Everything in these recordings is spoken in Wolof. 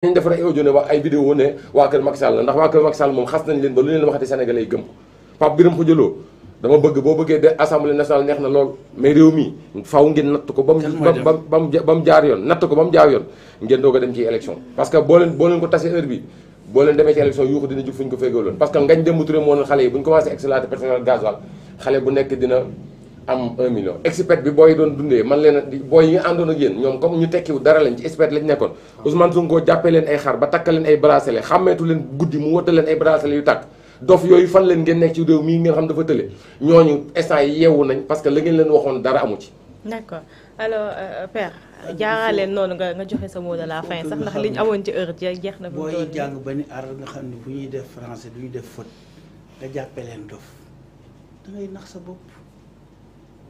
ñu def ay audio ne wax ay vidéo ne waa kër Macky la ndax waa kër Macky moom xas nañ leen ba lu leen waxati sénégalais yi gëm ko Pape Birame Khoudia boo bëggee de assemblée nationale neex na lool mais ko ba yoon natt ko a dem ci élection parce que boo leen boo leen ko tasee heure bi boo leen demee ci élection yuuxu dina jug fu ko féegaloon parce que ngañ dem Touré xale yi bu ñu commencé excellaté personnel xale bu nekk dina am 1 million expert bi booy doon dundee man leen booy yi nga àndoon ak yéen ñoom comme ñu tekkiwu dara lañ ci expert lañ nekkoon ah. Ousmane Sonko jàppee leen ay xar ba takka leen leen guddi mu wata leen ay bracelet dof yooyu fan leen ngeen nekk ci réew mii ngeen xam dafa tële que la ngeen leen waxoon dara amu ci d'accord alors euh, euh père jaaraaleen noonu nga nga sa mot de la fin sax amoon ci heure jeex na booy jàng ba ni def français du ñu leen dof da ngay nax sa bopp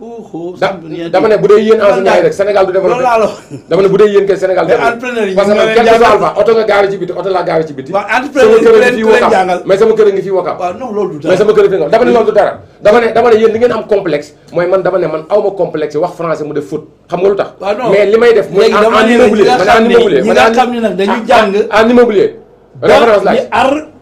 dama ne bu dee yéen enseignant yi rek Sénégal du développé dama ne bu dee yéen kay Sénégal développé parce que man kenn du alpha oto nga gaare ci biti oto laa gaare ci biti sama kër a ngi fii wakam mais sama kër a ngi fii wakam mais sama kër a ngi fii dama ne loolu du dara dama ne dama ne yéen li ngeen am complexe mooy man dama ne man awma complexe wax français mu def foot xam nga lu tax mais li may def mooy en immobilier man en immobilier ñi nga xam ne nag dañu jàng en immobilier référence laa